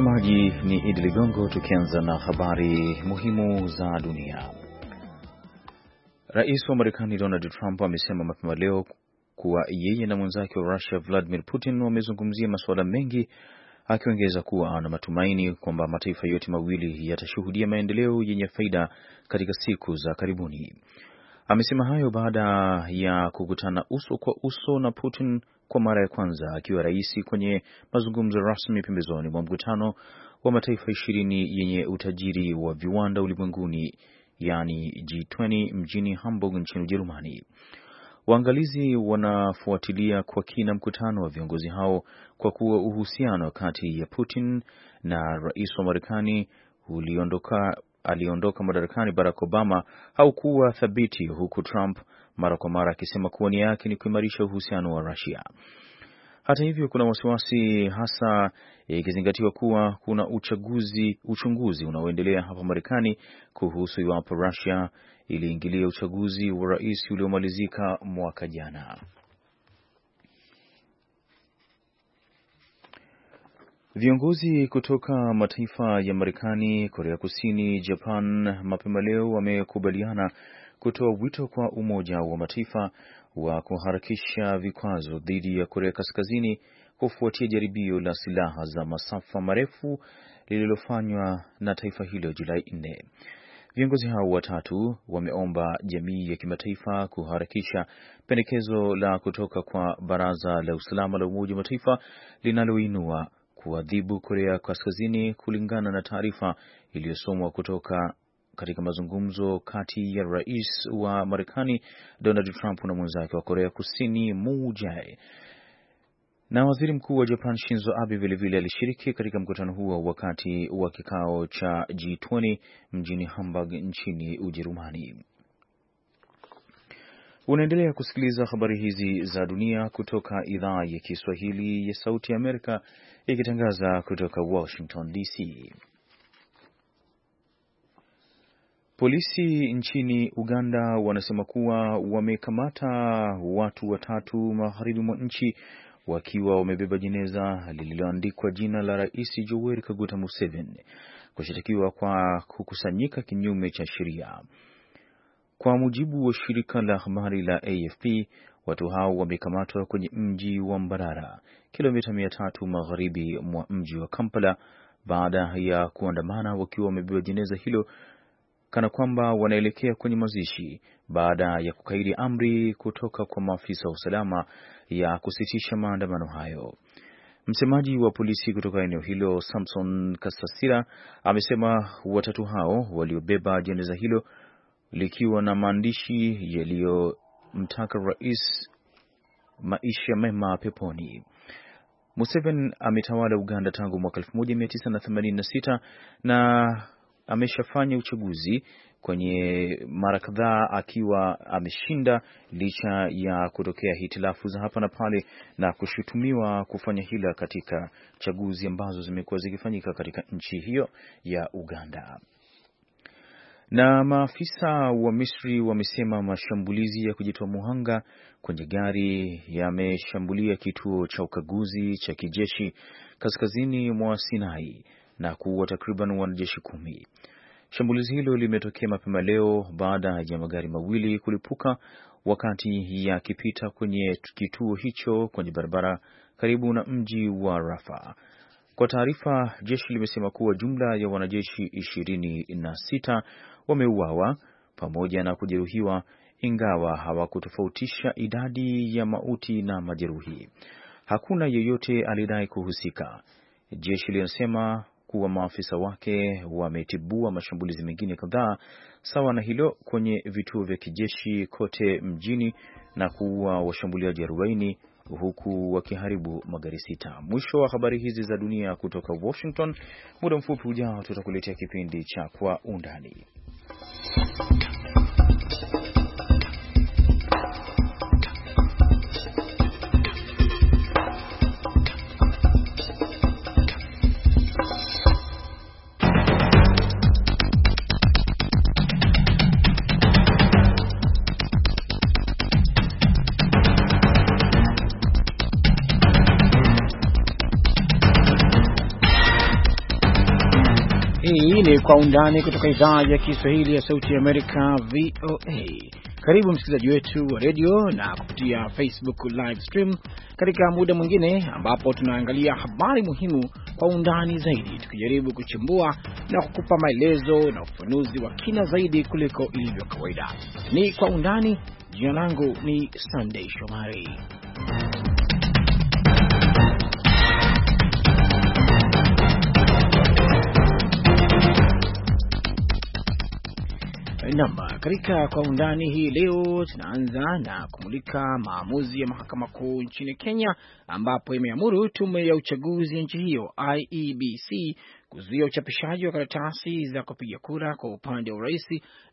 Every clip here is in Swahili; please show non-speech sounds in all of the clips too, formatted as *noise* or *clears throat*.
Msomaji ni Idi Ligongo, tukianza na habari muhimu za dunia. Rais wa Marekani Donald Trump amesema mapema leo kuwa yeye na mwenzake wa Russia Vladimir Putin wamezungumzia masuala mengi, akiongeza kuwa ana matumaini kwamba mataifa yote mawili yatashuhudia maendeleo yenye faida katika siku za karibuni. Amesema hayo baada ya kukutana uso kwa uso na Putin kwa mara ya kwanza akiwa rais kwenye mazungumzo rasmi pembezoni mwa mkutano wa mataifa ishirini yenye utajiri wa viwanda ulimwenguni, yani G20 mjini Hamburg nchini Ujerumani. Waangalizi wanafuatilia kwa kina mkutano wa viongozi hao kwa kuwa uhusiano kati ya Putin na rais wa Marekani uliondoka aliondoka madarakani Barack Obama haukuwa thabiti, huku Trump mara kwa mara akisema kuwa nia yake ni kuimarisha uhusiano wa Russia. Hata hivyo kuna wasiwasi hasa ikizingatiwa kuwa kuna uchaguzi, uchunguzi unaoendelea hapa Marekani kuhusu iwapo Russia iliingilia uchaguzi wa rais uliomalizika mwaka jana. Viongozi kutoka mataifa ya Marekani, Korea Kusini, Japan mapema leo wamekubaliana kutoa wito kwa Umoja wa Mataifa wa kuharakisha vikwazo dhidi ya Korea Kaskazini kufuatia jaribio la silaha za masafa marefu lililofanywa na taifa hilo Julai 4. Viongozi hao watatu wameomba jamii ya kimataifa kuharakisha pendekezo la kutoka kwa Baraza la Usalama la Umoja wa Mataifa linaloinua kuadhibu Korea Kaskazini kulingana na taarifa iliyosomwa kutoka katika mazungumzo kati ya rais wa Marekani Donald Trump na mwenzake wa Korea Kusini Moon Jae na waziri mkuu wa Japan Shinzo Abe vilevile alishiriki katika mkutano huo wakati wa kikao cha G20 mjini Hamburg nchini Ujerumani. Unaendelea kusikiliza habari hizi za dunia kutoka idhaa ya Kiswahili ya Sauti ya Amerika ikitangaza kutoka Washington DC. Polisi nchini Uganda wanasema kuwa wamekamata watu watatu magharibi mwa nchi wakiwa wamebeba jeneza lililoandikwa jina la Rais Yoweri Kaguta Museveni kushitakiwa kwa kukusanyika kinyume cha sheria. Kwa mujibu wa shirika la habari la AFP, watu hao wamekamatwa kwenye mji wa Mbarara, kilomita mia tatu magharibi mwa mji wa Kampala, baada ya kuandamana wakiwa wamebeba jeneza hilo kana kwamba wanaelekea kwenye mazishi baada ya kukaidi amri kutoka kwa maafisa wa usalama ya kusitisha maandamano hayo. Msemaji wa polisi kutoka eneo hilo Samson Kasasira amesema watatu hao waliobeba jeneza hilo likiwa na maandishi yaliyomtaka rais maisha mema peponi. Museveni ametawala Uganda tangu mwaka 1986 na ameshafanya uchaguzi kwenye mara kadhaa akiwa ameshinda licha ya kutokea hitilafu za hapa na pale na kushutumiwa kufanya hila katika chaguzi ambazo zimekuwa zikifanyika katika nchi hiyo ya Uganda. Na maafisa wa Misri wamesema mashambulizi ya kujitoa muhanga kwenye gari yameshambulia kituo cha ukaguzi cha kijeshi kaskazini mwa Sinai na kuua takriban wanajeshi kumi. Shambulizi hilo limetokea mapema leo baada ya magari mawili kulipuka wakati yakipita kwenye kituo hicho kwenye barabara karibu na mji wa Rafa. Kwa taarifa, jeshi limesema kuwa jumla ya wanajeshi ishirini na sita wameuawa pamoja na kujeruhiwa, ingawa hawakutofautisha idadi ya mauti na majeruhi. Hakuna yeyote alidai kuhusika. Jeshi linasema kuwa maafisa wake wametibua mashambulizi mengine kadhaa sawa na hilo kwenye vituo vya kijeshi kote mjini na kuua washambuliaji arobaini huku wakiharibu magari sita. Mwisho wa habari hizi za dunia kutoka Washington. Muda mfupi ujao tutakuletea kipindi cha Kwa Undani. Kwa Undani kutoka idhaa ya Kiswahili ya Sauti ya Amerika, VOA. Karibu msikilizaji wetu wa redio na kupitia Facebook live stream katika muda mwingine ambapo tunaangalia habari muhimu kwa undani zaidi, tukijaribu kuchimbua na kukupa maelezo na ufafanuzi wa kina zaidi kuliko ilivyo kawaida. Ni Kwa Undani. Jina langu ni Sandei Shomari. Naam, katika kwa undani hii leo tunaanza na kumulika maamuzi ya mahakama kuu nchini Kenya ambapo imeamuru tume ya uchaguzi ya nchi hiyo IEBC kuzuia uchapishaji wa karatasi za kupiga kura kwa upande wa urais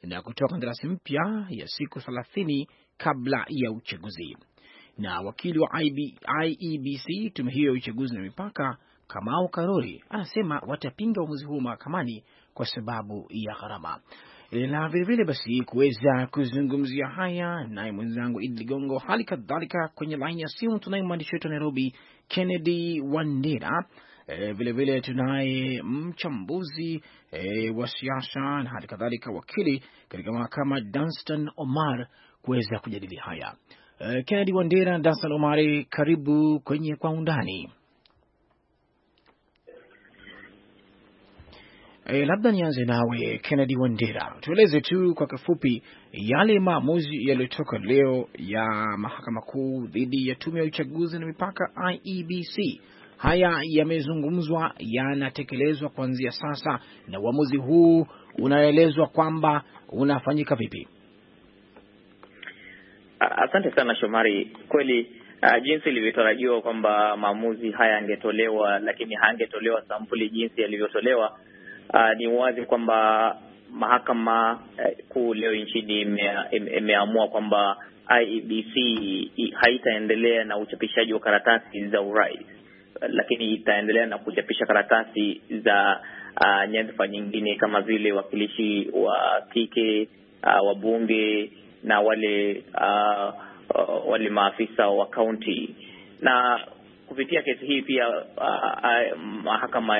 na kutoa kandarasi mpya ya siku thelathini kabla ya uchaguzi. Na wakili wa IB, IEBC tume hiyo ya uchaguzi na mipaka Kamau Karori anasema watapinga uamuzi huo mahakamani kwa sababu ya gharama. Eh, na vilevile basi kuweza kuzungumzia haya naye mwenzangu Idi Ligongo. Hali kadhalika kwenye laini ya simu tunaye mwandishi wetu wa Nairobi, Kennedy Wandera. Eh, e, vilevile tunaye mchambuzi e, wa siasa na hali kadhalika wakili katika mahakama Danstan Omar kuweza kujadili haya. E, Kennedy Wandera, Danstan Omar, karibu kwenye kwa undani. E, labda nianze nawe Kennedy Wandera, tueleze tu kwa kifupi yale maamuzi yaliyotoka leo ya mahakama kuu dhidi ya tume ya uchaguzi na mipaka IEBC. Haya yamezungumzwa, yanatekelezwa kuanzia sasa, na uamuzi huu unaelezwa kwamba unafanyika vipi? Asante sana Shomari. Kweli uh, jinsi ilivyotarajiwa kwamba maamuzi haya yangetolewa, lakini hangetolewa sampuli jinsi yalivyotolewa Uh, ni wazi kwamba mahakama uh, kuu leo nchini imeamua ime kwamba IEBC haitaendelea na uchapishaji wa karatasi za urais, lakini itaendelea na kuchapisha karatasi za uh, nyadhifa nyingine kama vile wakilishi wa kike uh, ah, wabunge na wale uh, uh, wale maafisa wa kaunti. Na kupitia kesi hii pia uh, uh, mahakama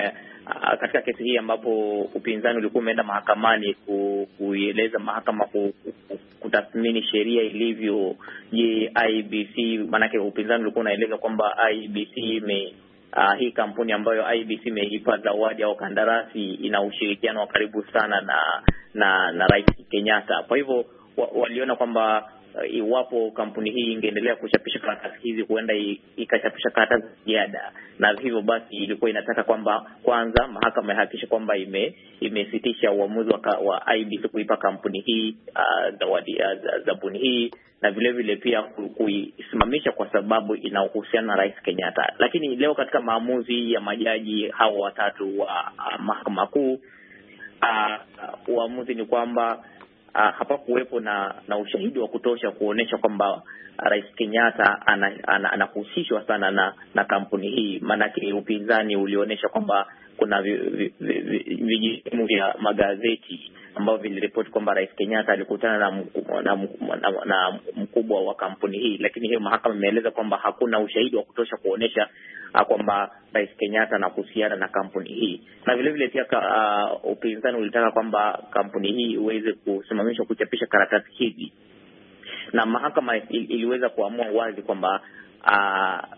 Ah, katika kesi hii ambapo upinzani ulikuwa umeenda mahakamani ku, kuieleza mahakama ku, ku, kutathmini sheria ilivyo. Je, IBC maanake upinzani ulikuwa unaeleza kwamba IBC ime uh, hii kampuni ambayo IBC imeipa zawadi au kandarasi ina ushirikiano wa karibu sana na na, na Rais Kenyatta. Kwa hivyo wa, waliona kwamba Uh, iwapo kampuni hii ingeendelea kuchapisha karatasi hizi, huenda ikachapisha karatasi ziada, na hivyo basi ilikuwa inataka kwamba kwanza mahakama ihakikishe kwamba ime, imesitisha uamuzi wa, wa IBC kuipa kampuni hii uh, zawadi uh, zabuni hii na vilevile vile pia kuisimamisha kwa sababu ina uhusiano na Rais Kenyatta. Lakini leo katika maamuzi ya majaji hawa watatu wa uh, mahakama kuu uh, uh uamuzi ni kwamba Ah, hapakuwepo na na ushahidi wa kutosha kuonyesha kwamba ah, Rais Kenyatta anahusishwa ana, ana sana na na kampuni hii. Maanake upinzani ulionyesha kwamba kuna vijisehemu vya magazeti ambavyo viliripoti kwamba Rais Kenyatta alikutana na, na, na, na mkubwa wa kampuni hii, lakini hiyo mahakama imeeleza kwamba hakuna ushahidi wa kutosha kuonyesha ah, kwamba Rais Kenyatta anahusiana na kampuni hii, na vilevile pia uh, upinzani ulitaka kwamba kampuni hii iweze kusimamishwa kuchapisha karatasi hizi, na mahakama iliweza kuamua wazi kwamba uh,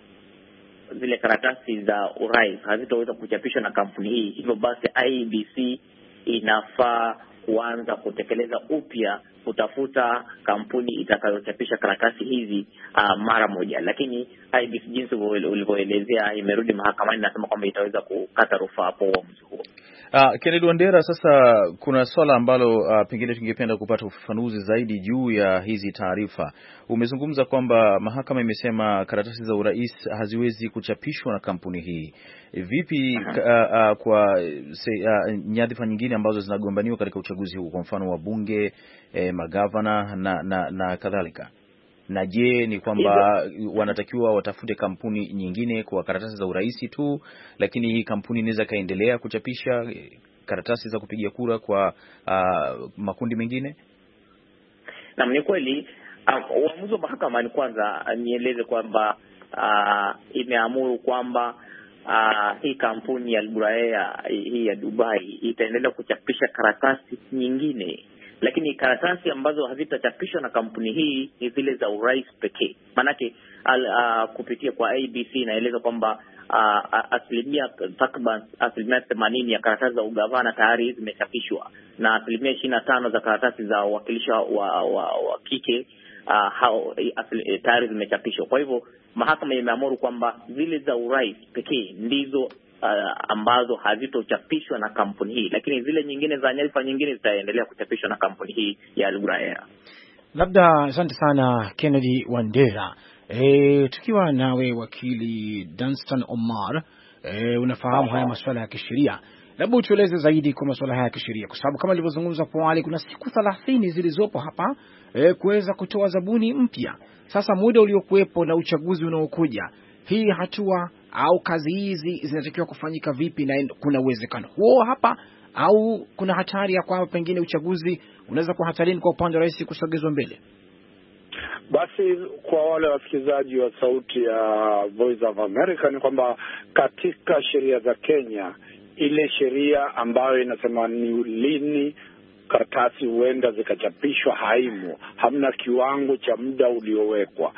zile karatasi za urais hazitoweza kuchapishwa na kampuni hii, hivyo basi IBC inafaa kuanza kutekeleza upya kutafuta kampuni itakayochapisha karatasi hizi uh, mara moja, lakini IBC jinsi ulivyoelezea imerudi mahakamani, nasema kwamba itaweza kukata rufaa hapo uamuzi huu. Uh, Kennedy Wandera, sasa kuna swala ambalo uh, pengine tungependa kupata ufafanuzi zaidi juu ya hizi taarifa. Umezungumza kwamba mahakama imesema karatasi za urais haziwezi kuchapishwa na kampuni hii. Vipi uh, uh, kwa se, uh, nyadhifa nyingine ambazo zinagombaniwa katika uchaguzi huu, kwa mfano wa bunge, eh, magavana na, na, na kadhalika? na je, ni kwamba wanatakiwa watafute kampuni nyingine kwa karatasi za urais tu, lakini hii kampuni inaweza ikaendelea kuchapisha karatasi za kupiga kura kwa uh, makundi mengine? Naam, ni kweli. Ah, uamuzi wa mahakama ni kwanza ah, nieleze kwamba uh, imeamuru kwamba uh, hii kampuni ya Al hii ya Dubai itaendelea kuchapisha karatasi nyingine lakini karatasi ambazo hazitachapishwa na kampuni hii ni zile za urais pekee. Maanake uh, kupitia kwa ABC inaeleza kwamba uh, asilimia takriban asilimia themanini ya karatasi za ugavana tayari zimechapishwa na asilimia ishirini na tano za karatasi za uwakilisha wa, wa, wa kike Uh, tayari zimechapishwa. Kwa hivyo mahakama imeamuru kwamba zile za urais pekee ndizo uh, ambazo hazitochapishwa na kampuni hii, lakini zile nyingine za nyarifa nyingine zitaendelea kuchapishwa na kampuni hii ya Al Labda asante sana Kennedy Wandera. E, tukiwa nawe wakili Danstan Omar, e, unafahamu haya masuala ya kisheria, labda utueleze zaidi kwa masuala haya ya kisheria, kwa sababu kama nilivyozungumza hapo awali kuna siku thelathini zilizopo hapa e, kuweza kutoa zabuni mpya. Sasa muda uliokuwepo na uchaguzi unaokuja, hii hatua au kazi hizi zinatakiwa kufanyika vipi, na kuna uwezekano huo hapa au kuna hatari ya kwamba pengine uchaguzi unaweza kuwa hatarini kwa upande wa rais kusogezwa mbele? Basi kwa wale wasikilizaji wa sauti ya Voice of America ni kwamba katika sheria za Kenya, ile sheria ambayo inasema ni lini karatasi huenda zikachapishwa haimo, hamna kiwango cha muda uliowekwa.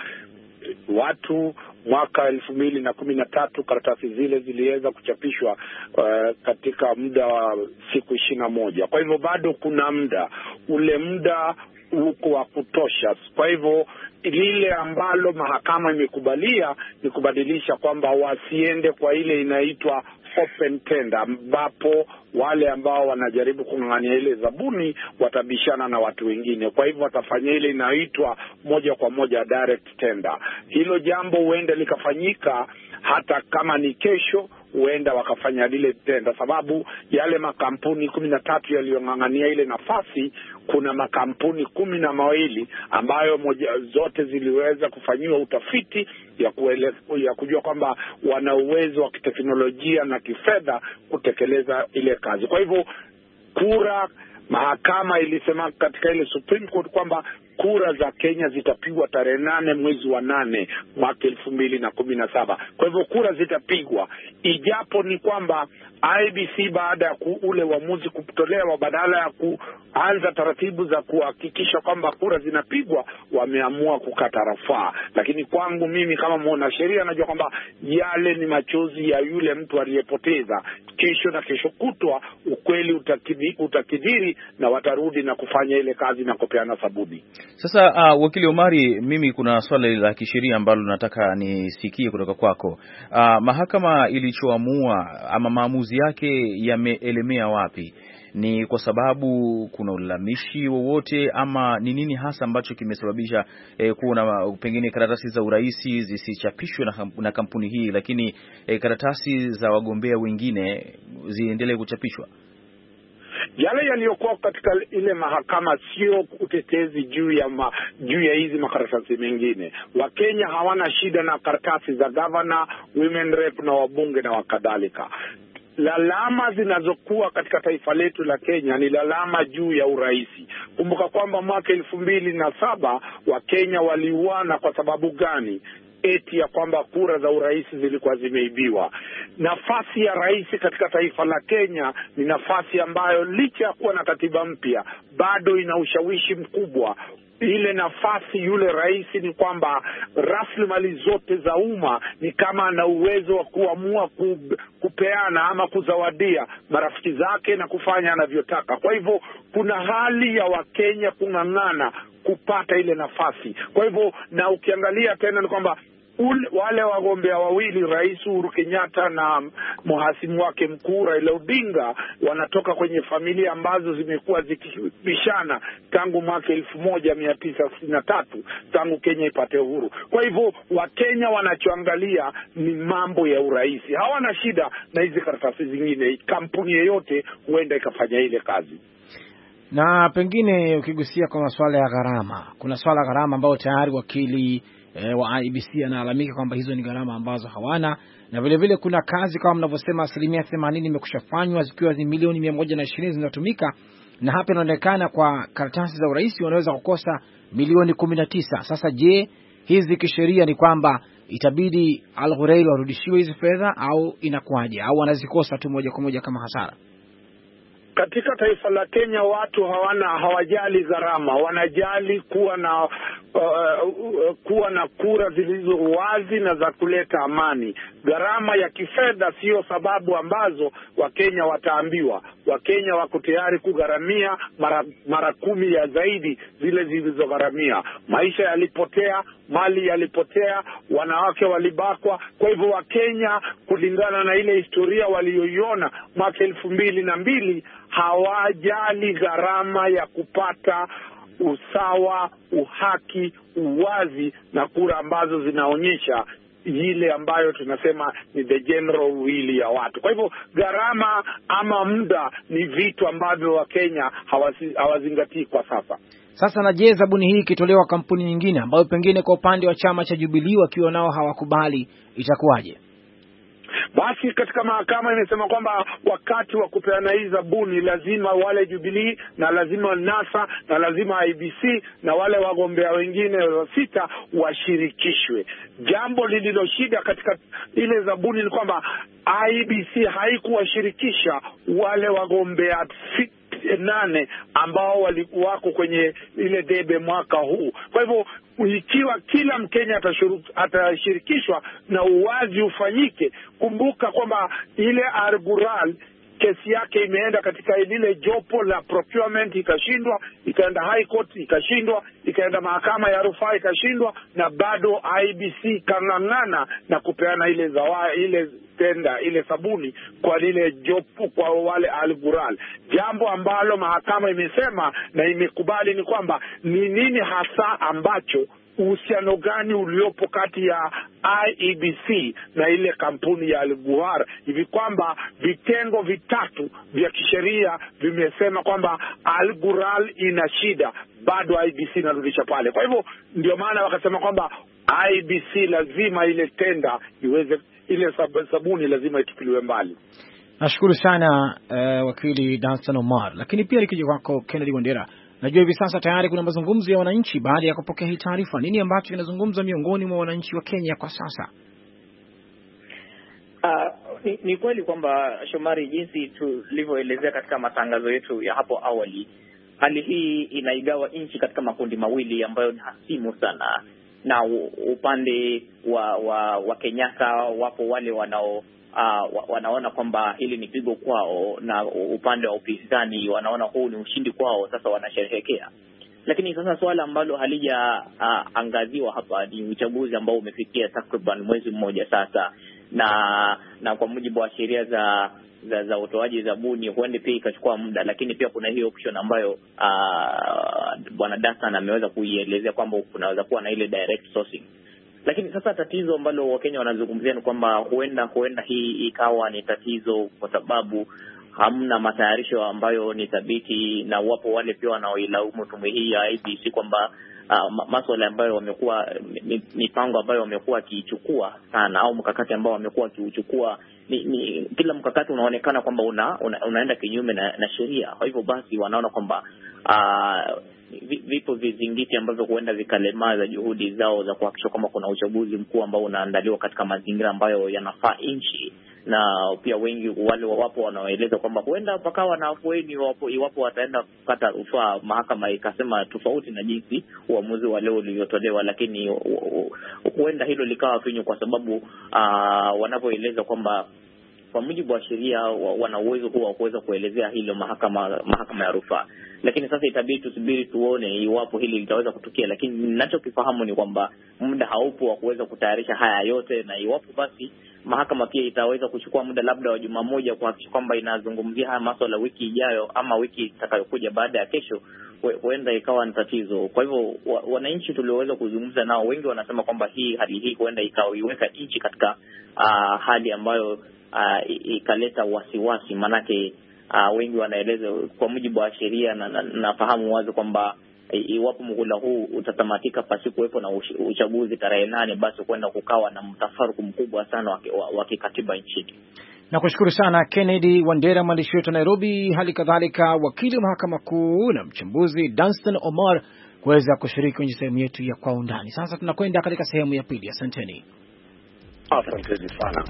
Watu mwaka elfu mbili na kumi na tatu karatasi zile ziliweza kuchapishwa uh, katika muda wa siku ishirini na moja. Kwa hivyo bado kuna muda, ule muda uko wa kutosha. Kwa hivyo lile ambalo mahakama imekubalia ni kubadilisha kwamba wasiende kwa ile inaitwa open tender ambapo wale ambao wanajaribu kung'ang'ania ile zabuni watabishana na watu wengine. Kwa hivyo watafanya ile inayoitwa moja kwa moja direct tender. Hilo jambo huenda likafanyika hata kama ni kesho huenda wakafanya lile tenda, sababu yale makampuni kumi na tatu yaliyong'ang'ania ile nafasi, kuna makampuni kumi na mawili ambayo moja zote ziliweza kufanyiwa utafiti ya, kuele, ya kujua kwamba wana uwezo wa kiteknolojia na kifedha kutekeleza ile kazi. Kwa hivyo kura mahakama ilisema katika ile Supreme Court kwamba kura za Kenya zitapigwa tarehe nane mwezi wa nane mwaka elfu mbili na kumi na saba. Kwa hivyo kura zitapigwa, ijapo ni kwamba IBC baada ya ule uamuzi kutolewa, badala ya kuanza taratibu za kuhakikisha kwamba kura zinapigwa, wameamua kukata rufaa. Lakini kwangu mimi kama sheria najua kwamba yale ni machozi ya yule mtu aliyepoteza. Kesho na kesho kutwa ukweli utakidhiri, na watarudi na kufanya ile kazi na kupeana sabuni. Sasa uh, wakili Omari, mimi kuna swala la kisheria ambalo nataka nisikie kutoka kwako. Uh, mahakama ilichoamua ama maamuzi yake yameelemea wapi? Ni kwa sababu kuna ulalamishi wowote ama ni nini hasa ambacho kimesababisha eh, kuona pengine karatasi za urais zisichapishwe na, na kampuni hii, lakini eh, karatasi za wagombea wengine ziendelee kuchapishwa? Yale yaliyokuwa katika ile mahakama sio utetezi juu ya ma, juu ya hizi makaratasi mengine. Wakenya hawana shida na karatasi za gavana, women rep na wabunge na wakadhalika. Lalama zinazokuwa katika taifa letu la Kenya ni lalama juu ya urahisi. Kumbuka kwamba mwaka elfu mbili na saba Wakenya waliuana kwa sababu gani? eti ya kwamba kura za urais zilikuwa zimeibiwa. Nafasi ya rais katika taifa la Kenya ni nafasi ambayo licha ya kuwa na katiba mpya bado ina ushawishi mkubwa ile nafasi yule rais ni kwamba rasilimali zote za umma ni kama ana uwezo wa kuamua ku, kupeana ama kuzawadia marafiki zake na kufanya anavyotaka. Kwa hivyo kuna hali ya Wakenya kung'ang'ana kupata ile nafasi. Kwa hivyo na ukiangalia tena ni kwamba ule, wale wagombea wawili Rais Uhuru Kenyatta na mhasimu wake mkuu Raila Odinga wanatoka kwenye familia ambazo zimekuwa zikibishana tangu mwaka elfu moja mia tisa sitini na tatu tangu Kenya ipate uhuru. Kwa hivyo Wakenya wanachoangalia ni mambo ya urais, hawana shida na hizi karatasi zingine. Kampuni yeyote huenda ikafanya ile kazi na pengine ukigusia kwa masuala ya gharama, kuna swala gharama ambayo tayari wakili e, wa IBC analalamika kwamba hizo ni gharama ambazo hawana, na vilevile vile kuna kazi kama mnavyosema asilimia themanini imekushafanywa zikiwa ni milioni mia moja na ishirini zinatumika, na hapa inaonekana kwa karatasi za urais wanaweza kukosa milioni kumi na tisa. Sasa je, hizi kisheria ni kwamba itabidi Al Ghureil warudishiwe hizi fedha au inakuwaje, au wanazikosa tu moja kwa moja kama hasara? Katika taifa la Kenya watu hawana hawajali gharama, wanajali kuwa na uh, uh, kuwa na kura zilizo wazi na za kuleta amani. Gharama ya kifedha siyo sababu ambazo Wakenya wataambiwa. Wakenya wako tayari kugharamia mara, mara kumi ya zaidi zile zilizogharamia. Maisha yalipotea, mali yalipotea, wanawake walibakwa. Kwa hivyo Wakenya kulingana na ile historia waliyoiona mwaka elfu mbili na mbili hawajali gharama ya kupata usawa, uhaki, uwazi na kura ambazo zinaonyesha ile ambayo tunasema ni the general will ya watu. Kwa hivyo gharama ama muda ni vitu ambavyo Wakenya hawazingatii kwa sasa. Sasa na je, zabuni hii ikitolewa kampuni nyingine ambayo pengine kwa upande wa chama cha Jubilii wakiwa nao hawakubali itakuwaje? Basi katika mahakama imesema kwamba wakati wa kupeana hii zabuni lazima wale Jubilee na lazima NASA na lazima IBC na wale wagombea wengine sita washirikishwe. Jambo lililoshida katika ile zabuni ni kwamba IBC haikuwashirikisha wale wagombea sita nane ambao wako kwenye ile debe mwaka huu. Kwa hivyo ikiwa kila Mkenya atashirikishwa na uwazi ufanyike, kumbuka kwamba ile Argural kesi yake imeenda katika lile jopo la procurement, ikashindwa, ikaenda high court, ikashindwa, ikaenda mahakama ya rufaa, ikashindwa, na bado IBC ikang'ang'ana na kupeana ile zawa, ile tenda, ile sabuni kwa lile jopo, kwa wale Al Gural. Jambo ambalo mahakama imesema na imekubali ni kwamba ni nini hasa ambacho uhusiano gani uliopo kati ya IEBC na ile kampuni ya Alguhar hivi kwamba vitengo vitatu vya kisheria vimesema kwamba Algural ina shida, bado IBC e inarudisha pale. Kwa hivyo ndio maana wakasema kwamba IBC e lazima ile tenda iweze, ile sabuni lazima itupiliwe mbali. Nashukuru sana uh, wakili Danson Omar, lakini pia likija kwako Kennedy Wandera Najua hivi sasa tayari kuna mazungumzo ya wananchi baada ya kupokea hii taarifa. Nini ambacho kinazungumza miongoni mwa wananchi wa Kenya kwa sasa? Uh, ni, ni kweli kwamba Shomari, jinsi tulivyoelezea katika matangazo yetu ya hapo awali, hali hii inaigawa nchi katika makundi mawili ambayo ni hasimu sana, na upande wa wa, wa Kenyatta wapo wale wanao uh, wanaona kwamba hili ni pigo kwao, na upande wa upinzani wanaona huu ni ushindi kwao, sasa wanasherehekea. Lakini sasa suala ambalo halijaangaziwa ah, uh, hapa ni uchaguzi ambao umefikia takriban mwezi mmoja sasa, na na kwa mujibu wa sheria za za za utoaji zabuni huende pia ikachukua muda, lakini pia kuna hiyo option ambayo uh, bwana Dasan ameweza kuielezea kwamba kunaweza kuwa na ile direct sourcing lakini sasa tatizo ambalo Wakenya wanazungumzia ni kwamba huenda huenda hii ikawa ni tatizo kwa sababu hamna matayarisho ambayo ni thabiti, na wapo wale pia wanaoilaumu tume hii ya IBC kwamba uh, ah, maswala ambayo wamekuwa mipango ambayo wamekuwa wakiichukua sana au mkakati ambao wamekuwa wakiuchukua ni, ni, kila mkakati unaonekana kwamba una, una, unaenda kinyume na, na sheria. Kwa hivyo basi wanaona kwamba uh, vipo vizingiti ambavyo huenda vikalemaza juhudi zao za kuhakikisha kwamba kuna uchaguzi mkuu ambao unaandaliwa katika mazingira ambayo yanafaa nchi na pia wengi wale wapo wanaoeleza kwamba huenda pakawa na afueni iwapo wataenda kukata rufaa, mahakama ikasema tofauti na jinsi uamuzi wa leo ulivyotolewa, lakini huenda hilo likawa finyu kwa sababu uh, ah, wanavyoeleza kwamba kwa mujibu wa sheria wana uwezo huo wa kuweza kuelezea hilo mahakama mahakama ya rufaa. Lakini sasa itabidi tusubiri tuone iwapo hili litaweza kutukia, lakini ninachokifahamu ni kwamba muda haupo wa kuweza kutayarisha haya yote, na iwapo basi mahakama pia itaweza kuchukua muda labda wa juma moja kuhakikisha kwamba inazungumzia haya maswala wiki ijayo ama wiki itakayokuja baada ya kesho huenda ikawa ni tatizo. Kwa hivyo wananchi tulioweza kuzungumza nao wengi wanasema kwamba hii hali hii huenda ikaiweka nchi katika uh, hali ambayo uh, ikaleta wasiwasi, maanake uh, ah, wengi wanaeleza kwa mujibu wa sheria, na nafahamu na wazi kwamba iwapo mgula huu utatamatika pasikuwepo na uchaguzi tarehe nane, basi kwenda kukawa na mtafaruku mkubwa sana wa kikatiba nchini na kushukuru sana Kennedy Wandera, mwandishi wetu wa Nairobi, hali kadhalika wakili wa mahakama kuu na mchambuzi danston Omar kuweza kushiriki kwenye sehemu yetu ya kwa undani. Sasa tunakwenda katika sehemu ya pili. Asanteni, asanteni sana.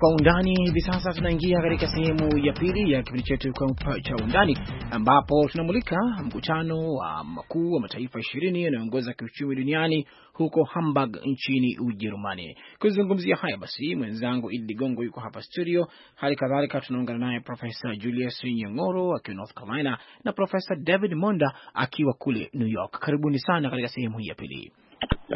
kwa undani. Hivi sasa tunaingia katika sehemu ya pili ya kipindi chetu cha undani, ambapo tunamulika mkutano wa makuu wa mataifa ishirini yanayoongoza kiuchumi duniani huko Hamburg nchini Ujerumani. Kuzungumzia haya basi, mwenzangu Idi Ligongo yuko hapa studio, hali kadhalika tunaungana naye Profesa Julius Nyong'oro akiwa North Carolina na Profesa David Monda akiwa kule New York. Karibuni sana katika sehemu hii ya pili.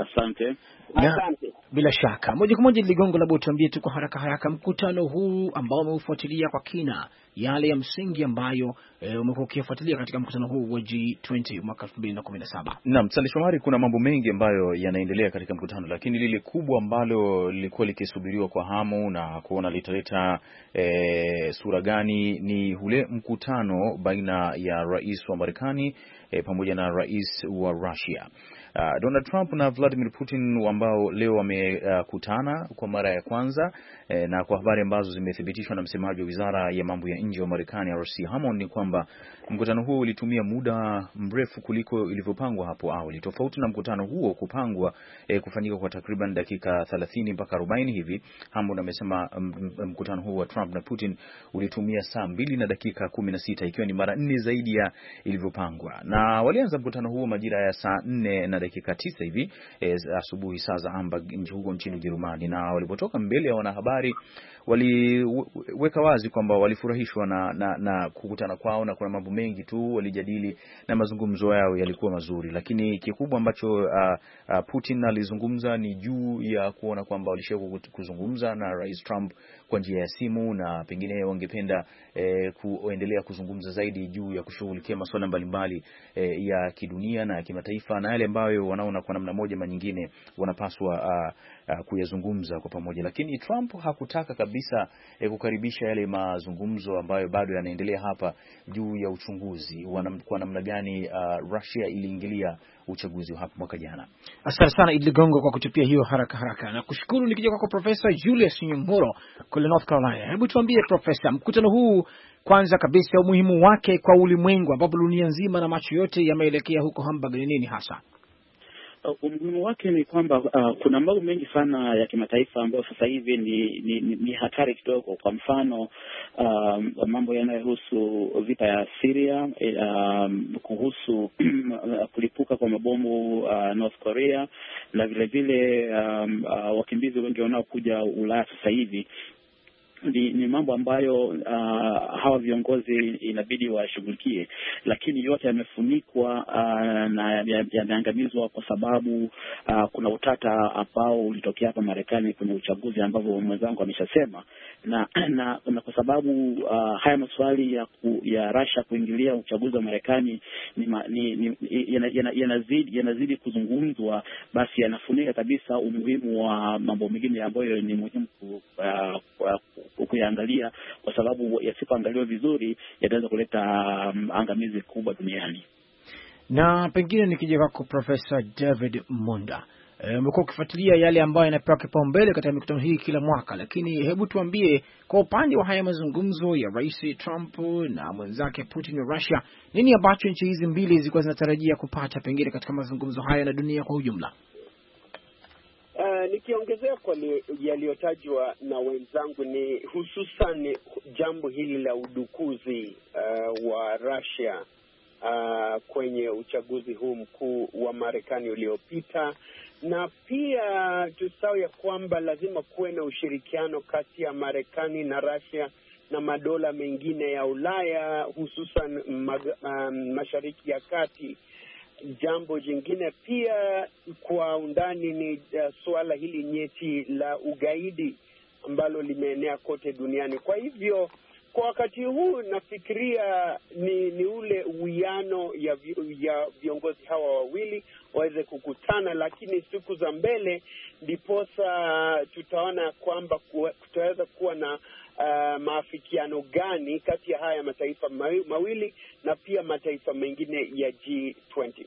Asante. Asante. Bila shaka moja kwa moja Ligongo, labda utuambie tu kwa haraka haraka mkutano huu ambao umeufuatilia kwa kina, yale ya msingi ambayo e, umekuwa ukifuatilia katika mkutano huu wa G20 mwaka 2017. Naam, Sande Shomari, kuna mambo mengi ambayo yanaendelea katika mkutano, lakini lile kubwa ambalo lilikuwa likisubiriwa kwa hamu na kuona litaleta e, sura gani ni ule mkutano baina ya rais wa Marekani e, pamoja na rais wa Russia. Uh, Donald Trump na Vladimir Putin ambao leo wamekutana uh, kwa mara ya kwanza eh, na kwa habari ambazo zimethibitishwa na msemaji wa Wizara ya Mambo ya Nje wa Marekani RC Hammond ni kwamba mkutano huo ulitumia muda mrefu kuliko ilivyopangwa hapo awali, tofauti na mkutano huo kupangwa eh, kufanyika kwa takriban dakika 30 mpaka 40 hivi. Hammond amesema mm, mm, mkutano huo wa Trump na Putin ulitumia saa mbili na dakika 16 ikiwa ni mara nne zaidi ya ilivyopangwa, na walianza mkutano huo majira ya saa nne na dakika tisa hivi e, asubuhi saa za amba huko nchini Ujerumani, na walipotoka mbele ya wanahabari waliweka wazi kwamba walifurahishwa na, na, na kukutana kwao na kuna mambo mengi tu walijadili na mazungumzo yao yalikuwa mazuri, lakini kikubwa ambacho uh, uh, Putin alizungumza ni juu ya kuona kwamba walishia kuzungumza na Rais Trump kwa njia ya simu na pengine wangependa eh, kuendelea kuzungumza zaidi juu ya kushughulikia masuala mbalimbali eh, ya kidunia na ya kimataifa na yale ambayo wanaona kwa namna moja ama nyingine wanapaswa uh, uh, kuyazungumza kwa pamoja, lakini Trump hakutaka kabisa eh, kukaribisha yale mazungumzo ambayo bado yanaendelea hapa juu ya uchunguzi wanam, kwa namna gani uh, Russia iliingilia uchaguzi wa hapo mwaka jana. Asante sana Idi Ligongo kwa kutupia hiyo haraka haraka, na kushukuru. Nikija kwako Profesa Julius Nyung'oro kule North Carolina, hebu tuambie Profesa, mkutano huu kwanza kabisa umuhimu wake kwa ulimwengu, ambapo dunia nzima na macho yote yameelekea huko Hamburg, ni nini hasa? Uh, umuhimu wake ni kwamba uh, kuna mambo mengi sana ya kimataifa ambayo sasa hivi ni, ni, ni, ni hatari kidogo. Kwa mfano um, mambo yanayohusu vita ya Syria um, kuhusu uh, kulipuka kwa mabomu uh, North Korea na vilevile um, uh, wakimbizi wengi wanaokuja Ulaya sasa hivi ni, ni mambo ambayo uh, hawa viongozi inabidi washughulikie, lakini yote yamefunikwa uh, na yameangamizwa kwa sababu uh, kuna utata ambao ulitokea hapa Marekani kwenye uchaguzi ambavyo mwenzangu ameshasema, na, *clears throat* na, na kwa sababu uh, haya maswali ya, ku, ya Russia kuingilia uchaguzi wa Marekani ni, ni, ni, yanazidi yana, yana kuzungumzwa, basi yanafunika kabisa umuhimu wa mambo mengine ambayo ni muhimu ku, uh, kuyaangalia, kwa sababu yasipoangaliwa vizuri yataweza kuleta um, angamizi kubwa duniani. Na pengine nikija kwako Profesa David Munda, eh, umekuwa e, ukifuatilia yale ambayo yanapewa kipaumbele katika mikutano hii kila mwaka, lakini hebu tuambie kwa upande wa haya mazungumzo ya Rais Trump na mwenzake Putin wa Russia, nini ambacho nchi hizi mbili zilikuwa zinatarajia kupata pengine katika mazungumzo haya na dunia kwa ujumla? Nikiongezea kwa yaliyotajwa na wenzangu ni hususan jambo hili la udukuzi uh, wa Russia uh, kwenye uchaguzi huu mkuu wa Marekani uliopita, na pia tusao ya kwamba lazima kuwe na ushirikiano kati ya Marekani na Russia na madola mengine ya Ulaya hususan mag, um, Mashariki ya Kati Jambo jingine pia kwa undani ni uh, suala hili nyeti la ugaidi ambalo limeenea kote duniani. Kwa hivyo kwa wakati huu nafikiria ni, ni ule uwiano ya, ya viongozi hawa wawili waweze kukutana, lakini siku za mbele ndiposa tutaona kwamba kutaweza kuwa na uh, maafikiano gani kati ya haya mataifa mawili na pia mataifa mengine ya G20?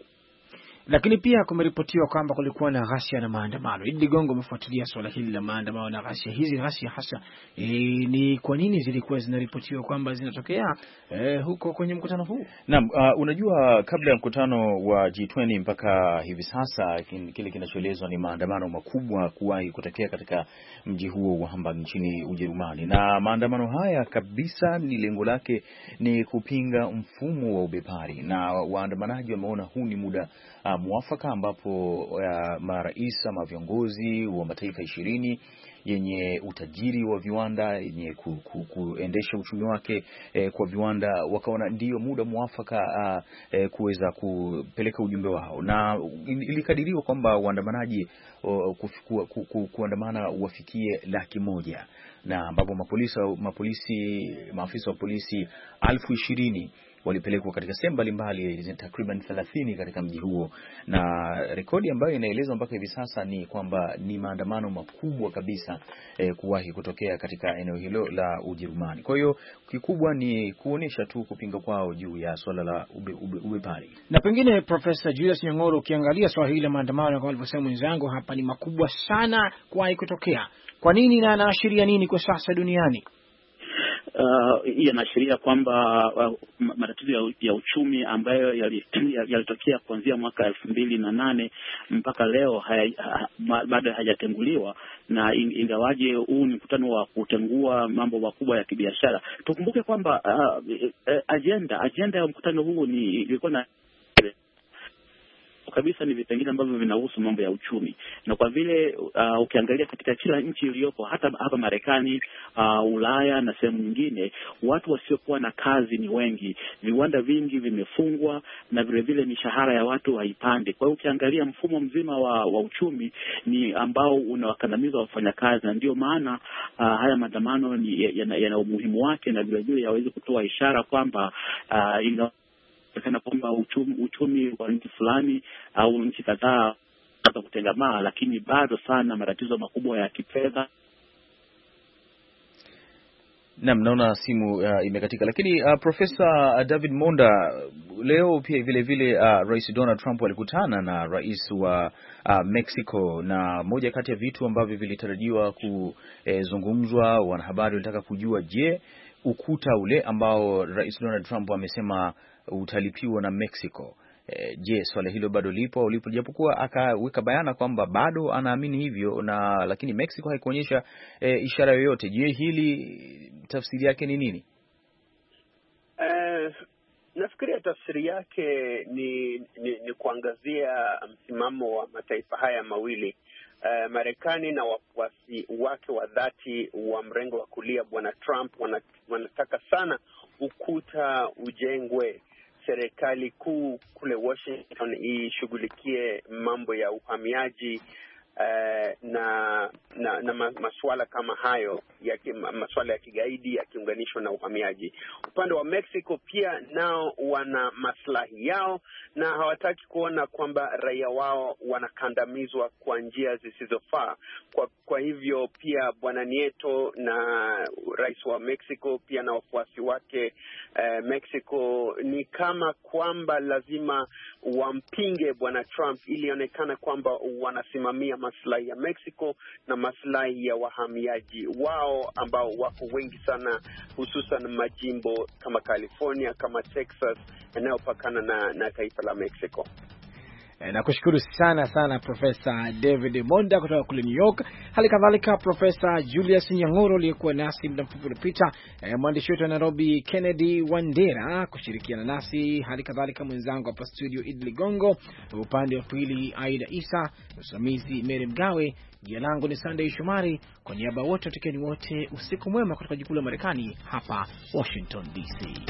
Lakini pia kumeripotiwa kwamba kulikuwa na ghasia na maandamano. Idi Ligongo amefuatilia suala hili la maandamano na ghasia hizi. Ghasia hasa e, ni kwa nini zilikuwa zinaripotiwa kwamba zinatokea e, huko kwenye mkutano huu? Naam, uh, unajua kabla ya mkutano wa G20 mpaka hivi sasa kile kinachoelezwa ni maandamano makubwa kuwahi kutokea katika mji huo wa Hamburg nchini Ujerumani, na maandamano haya kabisa ni lengo lake ni kupinga mfumo wa ubepari, na waandamanaji wameona huu ni muda uh, mwafaka ambapo uh, marais ama viongozi wa mataifa ishirini yenye utajiri wa viwanda yenye ku, ku, kuendesha uchumi wake eh, kwa viwanda wakaona ndiyo muda mwafaka uh, eh, kuweza kupeleka ujumbe wao, na ilikadiriwa kwamba waandamanaji uh, ku, ku, kuandamana wafikie laki moja na ambapo mapolisi, maafisa wa polisi elfu ishirini walipelekwa katika sehemu mbalimbali takriban 30 katika mji huo, na rekodi ambayo inaelezwa mpaka hivi sasa ni kwamba ni maandamano makubwa kabisa eh, kuwahi kutokea katika eneo hilo la Ujerumani. Kwa hiyo kikubwa ni kuonesha tu kupinga kwao juu ya swala la ubepari ube, na pengine Profesa Julius Nyang'oro, ukiangalia swala hili la maandamano kama alivyosema mwenzangu hapa, ni makubwa sana kuwahi kutokea. Kwa nini na anaashiria nini kwa sasa duniani? uh, yanaashiria kwamba uh, matatizo ya, ya uchumi ambayo yalitokea yali kuanzia mwaka elfu mbili na nane mpaka leo ha, bado hayajatenguliwa na ingawaje huu ni mkutano wa kutengua mambo makubwa ya kibiashara, tukumbuke kwamba uh, eh, eh, ajenda ajenda ya mkutano huu ni ilikuwa na kabisa ni vipengele ambavyo vinahusu mambo ya uchumi, na kwa vile uh, ukiangalia katika kila nchi iliyopo hata hapa Marekani, uh, Ulaya na sehemu nyingine, watu wasiokuwa na kazi ni wengi, viwanda vingi vimefungwa na vilevile mishahara ya watu haipandi. Kwa hiyo ukiangalia mfumo mzima wa, wa uchumi ni ambao unawakandamiza wafanyakazi, na ndio maana uh, haya maandamano yana ya, ya, umuhimu wake na vilevile yaweze kutoa ishara kwamba uh, ina kuonekana kwamba uchumi, uchumi wa nchi fulani au nchi kadhaa za kutengamaa, lakini bado sana matatizo makubwa ya kifedha. Naam, naona simu uh, imekatika, lakini uh, Profesa uh, David Monda, leo pia vile vile uh, Rais Donald Trump alikutana na rais wa uh, Mexico, na moja kati ya vitu ambavyo vilitarajiwa kuzungumzwa, eh, wanahabari walitaka kujua, je, ukuta ule ambao Rais Donald Trump amesema utalipiwa na Mexico. E, je, swala hilo bado lipo au lipo? Japokuwa akaweka bayana kwamba bado anaamini hivyo na lakini Mexico haikuonyesha e, ishara yoyote. Je, hili tafsiri yake ni nini? E, nafikiria tafsiri yake ni, ni, ni kuangazia msimamo wa mataifa haya mawili uh, Marekani na wafuasi wake wa dhati wa mrengo wa kulia Bwana Trump wanataka sana ukuta ujengwe serikali kuu kule Washington ishughulikie mambo ya uhamiaji eh, na na, na masuala kama hayo ya masuala ya kigaidi yakiunganishwa na uhamiaji. Upande wa Mexico pia nao wana maslahi yao na hawataki kuona kwamba raia wao wanakandamizwa kwa njia zisizofaa. Kwa, kwa hivyo pia Bwana Nieto na rais wa Mexico pia na wafuasi wake eh, Mexico ni kama kwamba lazima wampinge bwana Trump, ilionekana kwamba wanasimamia maslahi ya Mexico na maslahi ya wahamiaji wao ambao wako wengi sana, hususan majimbo kama California, kama Texas yanayopakana na, na taifa la Mexico. Eh, nakushukuru sana sana Profesa David Monda kutoka kule New York, hali kadhalika Profesa Julius Nyang'oro aliyekuwa nasi muda mfupi uliopita, eh, mwandishi wetu wa Nairobi Kennedy Wandera kushirikiana nasi, hali kadhalika mwenzangu hapa studio Idi Ligongo, upande wa pili Aida Isa, msimamizi Mary Mgawe. Jina langu ni sandey Shomari, kwa niaba ya wote watekeni wote usiku mwema kutoka jukulu la Marekani hapa Washington DC.